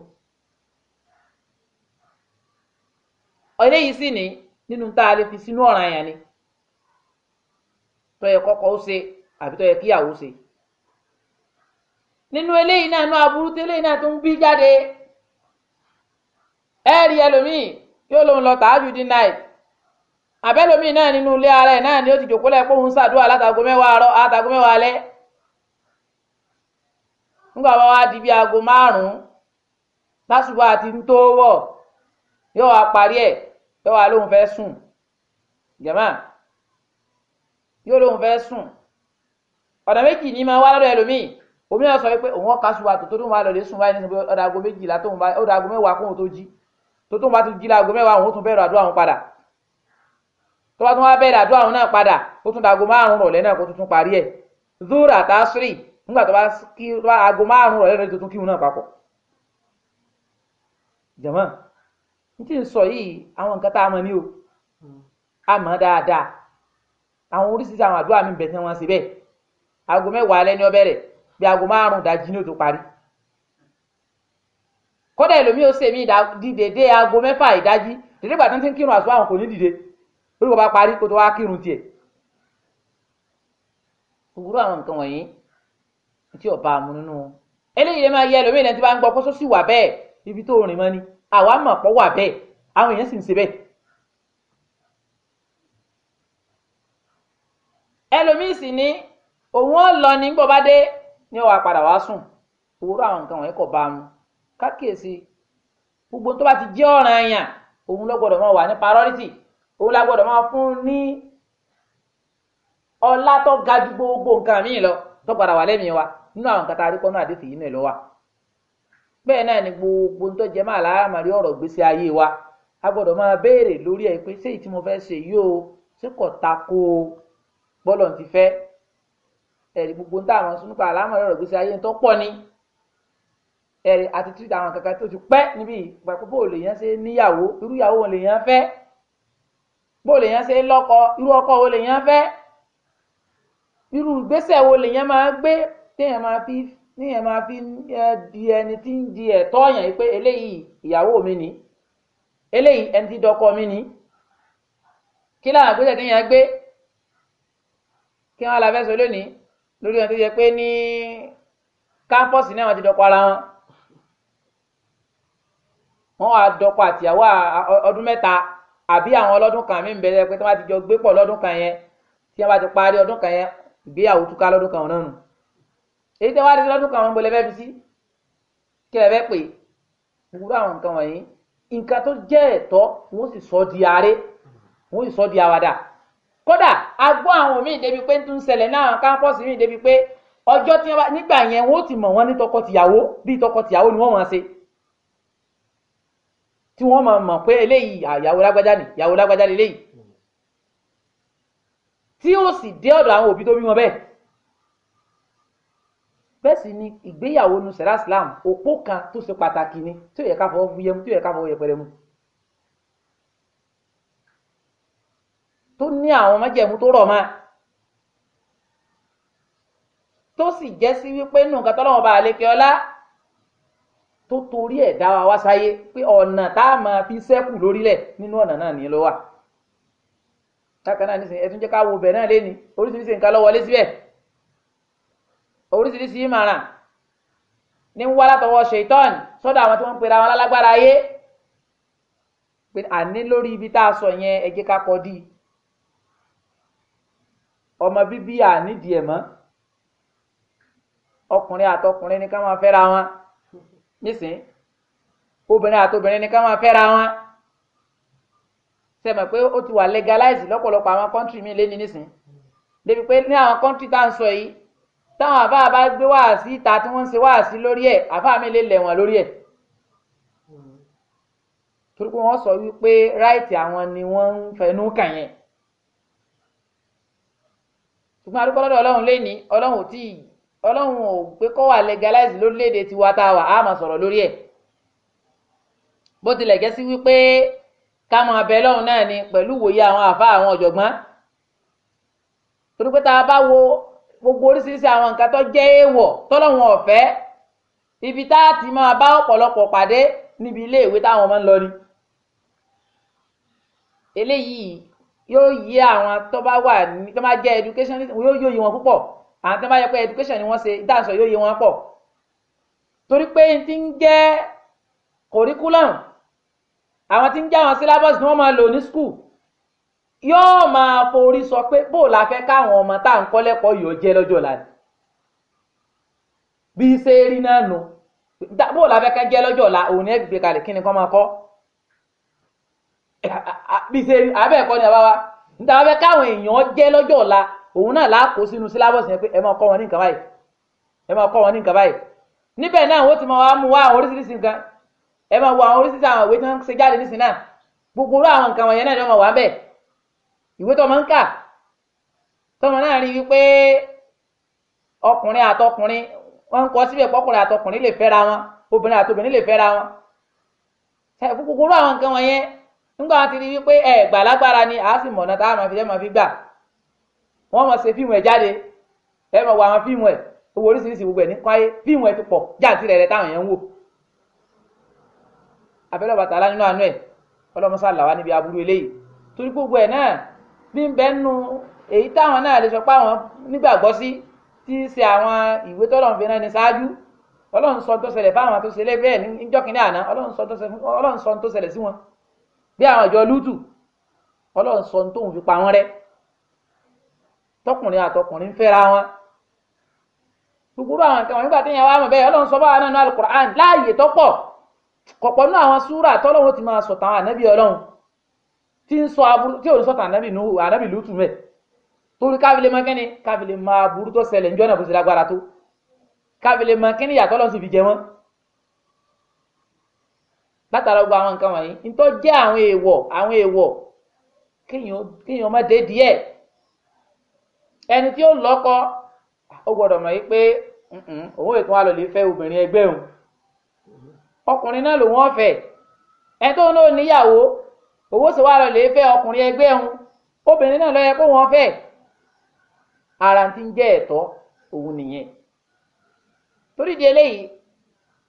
eléyìí ni nínú tá a lè fi sínú ọ̀ràn yẹn ni tó yẹ kọ́kọ́ ó ṣe àbí tó yẹ kíyàwó ṣe nínú eléyìí náà nínú aburú tẹ́lẹ̀ náà tó ń bí jáde ẹ rí ẹlòmíì yóò lòun lọ tààjù di night àbẹ́lòmíì náà nínú ilé ara ẹ̀ náà ni ó ti jòkó lẹ́ẹ̀pọ̀ òun ṣàdúrà látago mẹ́wàá àárọ̀ àtago mẹ́wàá alẹ́ nígbà wọn wá di bí aago márùn-ún lásùbọ̀ àti ń yóò wá parí ẹ̀ yóò wá lóun fẹ́ sùn jẹ̀mọ́ yóò lóun fẹ́ sùn ọ̀nà méjì ní máa wá lọ́dọ̀ ẹlòmíì omi náà sọ pé òun ọ̀ka sùn wa tó tó tó máa lọ lè sùn báyìí nísìnyí ọ̀dà aago méjìlá tóun bá ọ̀dà aago mẹ́wàá kóun tó jí tó tóun bá tún jí láago mẹ́wàá òun tún bẹ̀rẹ̀ àdúrà òun padà tó bá tún wá bẹ̀rẹ̀ àdúrà òun náà padà ó tún daago márùn rọ̀lẹ́ náà kó tuntun parí ẹ̀ zúrà tásírì nígbà tó bá kí márùn rọ̀lẹ́ náà tuntun kí òun náà papọ̀ jẹ̀mọ́ tí ń sọ yìí àwọn nǹkan tá a mọ̀ ní o a mọ̀ dáadáa àwọn oríṣiríṣi àwọn àdúrà mi bẹ̀ tí wọ́n ṣe bẹ́ẹ̀ aago mẹ́wàá alẹ́ ni ó bẹ̀rẹ̀ bí aago márùn-ún dájí ní òtò parí kódà ẹlòmíì ó ṣe mí dìde dé aago mẹ́fà ìdájí dèdè gbàtàn tí ń kírun àṣọ àwọn kò ní dìde lórí kò bá parí kó tó wá kírun tiẹ̀ òwúrọ̀ àwọn nǹkan wọ̀nyí tí ọba àmú nínú eléyìí lè máa yẹ ẹlòmíì lẹ́ni tí bá ń gbọ́ kó sọ sí wà bẹ́ẹ̀ ibi tó rìn mọ́ ni. àwa mọ̀ pọ̀ wà bẹ́ẹ̀ àwọn èèyàn sì ń ṣe bẹ́ẹ̀. ẹlòmíì sì ni òun ó lọ ní bó bá dé ni ó wàá padà wá sùn òwúrọ̀ àwọn nǹkan wọ̀nyí kò bá mu kákìyèsí gbogbo tó bá ti jẹ́ ọ̀ràn èèyàn òun ló gbọ́dọ̀ máa wà ní priority òun la gbọ́dọ̀ máa fún ní ọlá tó wa a rí bẹ́ẹ̀ náà ni gbogbo ń tọ́jẹ́ máa láàmàrí ọ̀rọ̀ gbèsè ayé wa a gbọ́dọ̀ máa béèrè lórí ẹ̀ pé ṣé ìtí mo fẹ́ ṣe yìí o ṣé kò tako bọ́lọ̀ ti fẹ́ ẹ̀rí gbogbo ń táwọn sún nípa àlámọ̀rí ọ̀rọ̀ gbèsè ayé tó pọ̀ ni ẹ̀rí àti tí àwọn kankan tó ti pẹ́ níbí ìgbàgbọ́ bó lè yẹn ṣe níyàwó irú ìyàwó wo lè yẹn fẹ́ bó lè ṣe lọ́kọ irú ọkọ wo lè fẹ́ irú ìgbésẹ̀ wo lè máa gbé téèyàn máa fi níyẹn máa fi di ẹni tí ń di ẹ̀tọ́ yẹn pé eléyìí ìyàwó mi ni eléyìí ẹni tí dọ́kọ mi ni kí láwọn àgbẹ̀sẹ̀ tí yẹn gbé kí wọn la fẹ́ sọ lónìí lórí ẹni tó yẹ pé ní kámpọ́ọ̀sì náà wọn ti dọ́kọ ara wọn wọn wà dọ́kọ àtìyàwó ọdún mẹ́ta àbí àwọn ọlọ́dún kan mi ń bẹ̀rẹ̀ pé tí wọ́n ti jọ gbé pọ̀ lọ́dún kan yẹn tí wọ́n bá ti parí ọdún kan yẹn ìgbéyàwó túká lọ́dún kan náà nù èyí tẹ́ wá rí lọ́dún kan àwọn ìbò lẹ́fẹ́ fi sí kí lẹ́fẹ́ pè wúrọ̀ àwọn nǹkan wọ̀nyí nǹkan tó jẹ́ ẹ̀tọ́ wọ́n sì sọ di aré wọ́n sì sọ di àwàdà kódà a gbọ́ àwọn míì débi pé ń tún ṣẹlẹ̀ náà àwọn kámpọ́ọ̀sì míì débi pé ọjọ́ tí wọ́n bá nígbà yẹn wọ́n ti mọ̀ wọ́n ní tọkọ-tìyàwó bí tọkọ-tìyàwó ni wọ́n máa ṣe tí wọ́n máa mọ̀ pé eléyìí àyàwó lágbájá ni ìyàwó lágbájá lélẹ́yìí tí ó sì dé ọ̀dọ̀ àwọn òbí tó bí wọn bẹ́ẹ̀ bẹ́ẹ̀ sì ni ìgbéyàwó nu sẹ̀rá islam òpó kan tó ṣe pàtàkì ni tí ò yẹ ká fọwọ́ fúyẹ́ mu tí ò yẹ ká fọwọ́ yẹpẹrẹ mu. tó ní àwọn májẹ̀mú tó rọ̀ máa tó sì jẹ́ sí wípé nù nǹkan tọ́lọ́wọ́ bá àlékè ọlá tó torí ẹ̀ dá wa wá sáyé pé ọ̀nà tá a máa fi ṣẹ́kù lórílẹ̀ nínú ọ̀nà náà ní ló kákan náà nísìnyí ẹ tún jẹ́ ká wo bẹ̀ náà lé ní oríṣiríṣi nǹkan ló wọlé síbẹ̀ oríṣiríṣi ìmọ̀ràn ní wá látọwọ́ ṣèitán sọ́dọ̀ àwọn tí wọ́n ń pera wọn lálágbára ayé pé àní lórí ibi tá a sọ yẹn ẹ jẹ́ ká kọ́ ọmọ bíbí ànídìí ẹ̀ mọ́ ọkùnrin àtọkùnrin ni ká máa fẹ́ra wọn nísìn obìnrin àtobìnrin ni ká máa fẹ́ra wọn sẹ́mi pé ó ti wà legalize lọ́pọ̀lọpọ̀ àwọn kọ́ńtì mi lé ní nísìn débi pé ní àwọn kọ́ńtì tá à ń sọ yìí táwọn àfáà bá gbé wáàsí ìta tí wọ́n ń ṣe wáàsí lórí ẹ̀ àfáà mi lè lẹ̀wọ̀n lórí ẹ̀ torí pé wọ́n sọ wípé ráìtì àwọn ni wọ́n ń fẹnu kàn yẹn ṣùgbọ́n a dúpẹ́ lọ́dọ̀ ọlọ́run lé ní ọlọ́run ò tíì ọlọ́run ò pé kọ́ wà legalize lórílẹ̀‐èdè tiwa tá a wà á máa sọ̀rọ̀ lórí ẹ̀ bó tilẹ̀ jẹ́ sí wípé ká máa bẹ lọ́run náà ni pẹ̀lú ìwòye àwọn àfa àwọn ọ̀jọ̀gbọ́n torí pé tá a bá wo gbogbo oríṣiríṣi àwọn nǹkan tó jẹ́ èèwọ̀ tọ́lọ́wọ́n ọ̀fẹ́ ibi tá a ti máa bá ọ̀pọ̀lọpọ̀ pàdé níbi iléèwé táwọn ọmọ ń lọ ni. eléyìí yóò yí àwọn tó bá wà ní tó bá jẹ́ education yóò yí wọn púpọ̀ àwọn tó bá yẹ pé education ni wọ́n ṣe dáǹsọ yóò yí wọn pọ̀ torí pé n ti ń jẹ́ curriculum àwọn ti ń jẹ́ àwọn syllabus ni wọ́n máa lò ní school yóò máa forí sọ pé bó la fẹ́ káwọn ọmọ tá à ń kọ́ lẹ́kọ̀ọ́ yìí ó jẹ́ lọ́jọ́ lánàá bí ṣe rí náà nù bó la fẹ́ ká jẹ́ lọ́jọ́ ọ̀la òun ẹ̀ gbé kalẹ̀ kí ni kọ́ máa kọ́ bí ṣe rí abẹ́ ẹ̀kọ́ ẹ máa kọ́ wọn ní nǹkan ẹ máa kọ́ wọn ní nǹkan báyìí níbẹ̀ náà wọ́n ti máa mú àwọn oríṣiríṣi nǹkan ẹ máa àwọn oríṣiríṣi àwọn ìwé tí wọ́n ṣe jáde nísìnyí náà gbogbo àwọn nǹkan ìwé tọmọ ń kà tọmọ náà rí wípé ọkùnrin àtọkùnrin wọn ń kọ síbẹ̀ pọ́kùnrin àtọkùnrin lè fẹ́ra wọn obìnrin àtobìnrin lè fẹ́ra wọn kúkúrú àwọn nǹkan wọn yẹn nígbà wọn ti rí wípé ẹ gbà ni àá sì mọ̀nà táwọn máa fi jẹ́ máa fi gbà wọ́n máa ṣe fíìmù ẹ̀ jáde ẹ máa wọ àwọn fíìmù ẹ̀ owó oríṣiríṣi gbogbo ẹ̀ ní kwáyé fíìmù ẹ̀ ti pọ̀ jáàntì rẹ̀ rẹ̀ táwọn yẹn ń wò abẹ́lẹ́ bàtà alá nínú àánú ẹ̀ ọlọ́mọṣá làwa níbi aburú eléyìí torí gbogbo ẹ̀ náà bí ń bẹ nu èyí táwọn náà lè sọ pé àwọn nígbàgbọ́ sí tí í ṣe àwọn ìwé tọ́lọ́run fi rán ni ṣáájú ọlọ́run sọ tó ṣẹlẹ̀ fáwọn tó ṣẹlẹ̀ bẹ́ẹ̀ níjọ́ kínní àná ọlọ́run sọ tó ṣẹlẹ̀ sí wọn bí àwọn ìjọ lútù ọlọ́run sọ tóun fi pa wọn rẹ́ tọkùnrin àtọkùnrin ń fẹ́ra wọn gbogbo àwọn nǹkan wọn nígbà tí yẹn wá mọ̀ bẹ́ẹ̀ ọlọ́run sọ báwa náà nínú alukur'an láàyè tọ́pọ̀ kọ̀pọ̀ nínú àwọn súrà tọ́lọ́run ti máa sọ̀tàn ànábì ọlọ́run tí ń sọ aburú tí òun sọ̀tàn ànábì nù ànábì lùtù mẹ́ torí kábílẹ̀ mọ kẹ́ni kábílẹ̀ mọ aburú tó ṣẹlẹ̀ ń jọ́nà bó ṣe lágbára tó kábílẹ̀ mọ kẹ́ni yàtọ̀ lọ́sùn fi jẹ wọ́n látara gbogbo àwọn nǹkan wọ̀nyí ntọ́ jẹ́ àwọn èèwọ̀ àwọn èèwọ̀ kéèyàn má dé díẹ̀ ẹni tí ó lọ́kọ ó gbọ́dọ̀ mọ̀ pé òun ètò alòlè fẹ́ obìnrin ẹgbẹ́ òun ọkùnrin náà lòun ọ̀fẹ́ ẹ tó náà níyàwó owó sọ wà lọlẹ fẹ́ ọkùnrin ẹgbẹ́ òun obìnrin náà ló yẹ kó wọn fẹ́ ara ti ń jẹ ẹ̀tọ́ òun nìyẹn torí di eléyìí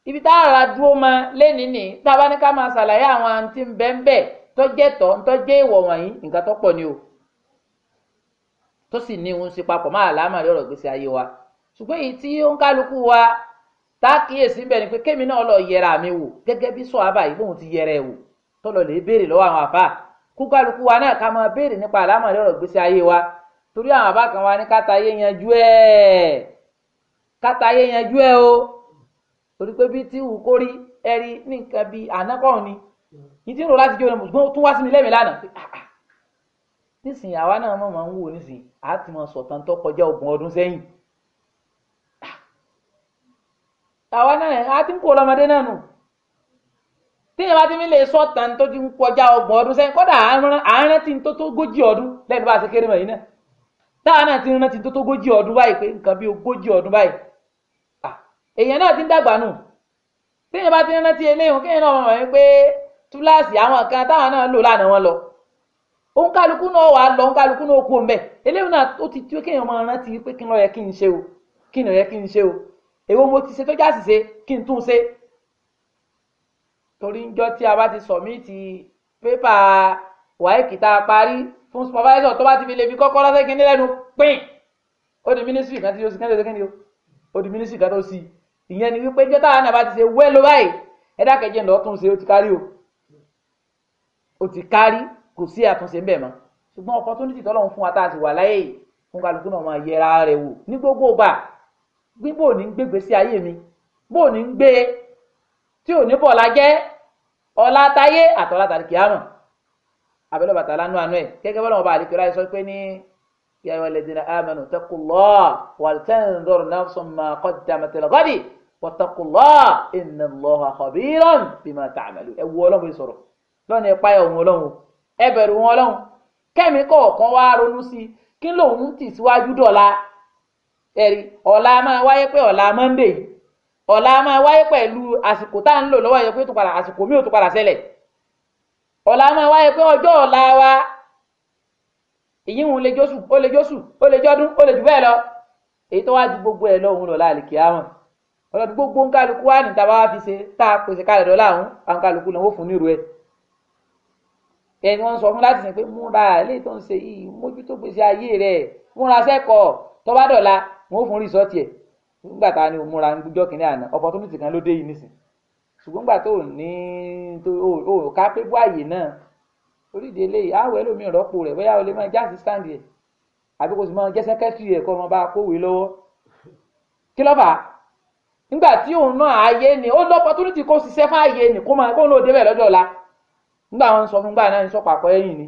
ibi tá a ra dúró ma lẹ́ni nì tá a bá ní ká máa ṣàlàyé àwọn àǹtí bẹ́ńbẹ́ tọ́jẹ́tọ̀ tọ́jẹ́ ìwọ̀ wọ̀nyí nǹkan tó pọ̀ ni o tó sì ní òun ṣe papọ̀ máa láàmà yọ̀rọ̀ gbèsè ayé wa ṣùgbọ́n èyí tí ó ń kálukú wa tá a kíyèsí bẹ́ẹ̀ ni pé kémi náà lọ yẹra mi wò gẹ́gẹ́ bí sọ àbá bóun ti yẹra ẹ̀ wò tó lọ lè béèrè lọ́wọ́ àwọn àfa kúkálukú wa náà ká máa béèrè nípa àlámọ̀lẹ́ ọ̀rọ̀ gbèsè ayé wa torí àwọn àbá kan wa ní kátayé yanjú ẹ kátayé yanjú ẹ o torí pé bí tí wù kó rí ẹrí ní nǹkan bíi ànákọ́hún ni yìí tí ń rò láti jó ṣùgbọ́n tún wá sí mi lẹ́mìí lánàá ah, ah. nísìnyí àwa náà mọ̀ máa ń wò nísìnyí a ti mọ sọ̀tàn tó kọjá ogún ọdún sẹ́yìn ah. àwa náà a ti ń kó ọlọ́mọdé náà nù téèyàn bá ti mi lè sọ tán tó ti ń kọjá ọgbọ̀n ọdún sẹ́yìn kọ́dà àárín tí ń tó tó gójì ọdún lẹ́nu bá a ṣe kéré mọ̀ yìí náà táwa náà ti rántí tó tó gójì ọdún báyìí pé nǹkan bíi ogójì ọdún báyìí èèyàn náà ti ń dàgbà nù téèyàn bá ti rántí eléyìí kéèyàn náà mọ̀ wípé túláàsì àwọn kan táwọn náà lò lánàá wọn lọ òun kálukú náà wà á lọ òun kálukú náà kú mbẹ eléyìí náà ó ti tí kéèyàn máa rántí pé kí ló yẹ kí n ṣe o o èwo mo ti ṣe tó já torí njọ́ tí a bá ti sọ̀míìtì pépà wáìkì tá a parí fún supervisor tó bá ti fi lè fi kọ́kọ́rọ́ sẹ́kìn nílẹ́nu pín ó di mínísírì kan tí ó sì kẹ́ńtẹ́ sẹ́kìn ní o ó di mínísírì kan tó sì ìyẹn ni wípé njọ́ táwọn náà bá ti ṣe wẹ́ ló báyìí ẹ̀dá kẹjẹ ńlọ tún ṣe ó ti kárí o ó ti kárí kò sí àtúnṣe ń bẹ̀ mọ́ ṣùgbọ́n opportunity tọ́lọ́run fún wa tá a ti wà láyé yìí fún kálukú náà máa yẹra rẹ̀ wò ní gbogbo gbà gbígbó ní gbégbèsè ayé mi bó ní gbé tí ò ní bọ̀ lájẹ́ ọlá táyé àtọlá tàlíkìyámà abẹ́lẹ́ bàtà lánàá àánú ẹ̀ gẹ́gẹ́ bọ́lá wọn bá àlekèrè àìsọ pé ní ya walladina amanu taqullaha wal tanzur nafsun ma qaddamat lighadi wattaqullaha innallaha khabiran bima ta'malun ẹ wú ọlọ́run yìí sọ̀rọ̀ lọ́nà ẹ páyà òun ọlọ́run ẹ bẹ̀rù wọn ọlọ́run kẹ́mi kọ̀ọ̀kan wá ronú sí i kí lòun tì síwájú dọ̀la ẹ̀rí ọ̀la máa wáyé pé ọ̀la Monday ọ̀la máa wáyé pẹ̀lú àsìkò tá à ń lò lọ́wọ́ yẹ pé tó padà àsìkò mi ò tó padà ṣẹlẹ̀ ọ̀la máa wáyé pé ọjọ́ ọ̀la wa èyí ń lè jósù ó lè jósù ó lè jọdún ó lè jù bẹ́ẹ̀ lọ èyí tó wá ju gbogbo ẹ̀ lọ́hùn lọ́la àlìkè àwọn ọlọ́dún gbogbo ń kálukú wá ní tàbá wá fi ṣe tá a pèsè kalẹ̀ lọ́la àwọn àwọn kálukú náà fún nírú ẹ̀ ẹni wọn sọ fún láti sìn pé múra ilé tó ń ṣe yìí mójútó gbèsè ayé rẹ̀ múra sẹ́kọ̀ọ́ tó bá dọ̀la wọn ó fún rìsọ́ọ̀tì ẹ̀ nígbà tá a ní òmúra níjọ́ kìnínní àná opportunity kan ló dé yìí nísìn ṣùgbọ́n nígbà tó ní tó o ká pé bó àyè náà orídìí eléyìí àwọ̀ ẹlòmíràn rọ́pò rẹ̀ bóyá o lè máa jáàsì stand yẹ àbí kò sì máa jẹ́sẹ́ kẹ́sì rẹ̀ kọ́ ọmọ bá kówèé lọ́wọ́ kí ló fà á nígbà tí òun náà ààyè ni ó lọ opportunity kó ṣiṣẹ́ fún ààyè ni kó máa kó lóde bẹ́ẹ̀ lọ́jọ́ ọ̀la nígbà wọn sọ fún gbà náà ń sọ pàpọ̀ ẹ̀yìn ni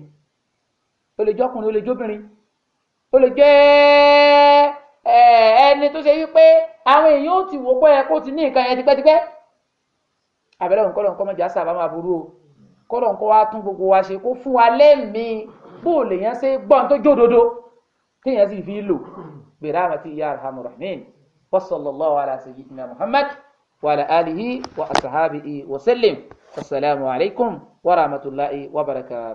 ó lè jọ́kùnrin ó lè jóbìnrin ó lè jẹ́ Eh, ẹni tó ṣe wípé àwọn èèyàn ó ti wò pé ẹ kó ti ní nǹkan yẹn tipẹ́tipẹ́ àbẹ̀rẹ̀ òǹkọ́ lọ́nkọ́ mọ̀jà sábà máa burú o kó lọ́nkọ́ wa tún gbogbo wa ṣe kó fún wa lẹ́mìí bó lèèyàn ṣe gbọ́n tó jódodo téèyàn sì fi lò bẹ̀rẹ̀ àwọn ti ìyá alhamu rahman wa sallallahu ala sayyidina muhammad wa ala alihi wa asahabihi wa sallim assalamu alaikum wa rahmatulahi wa barakatuh.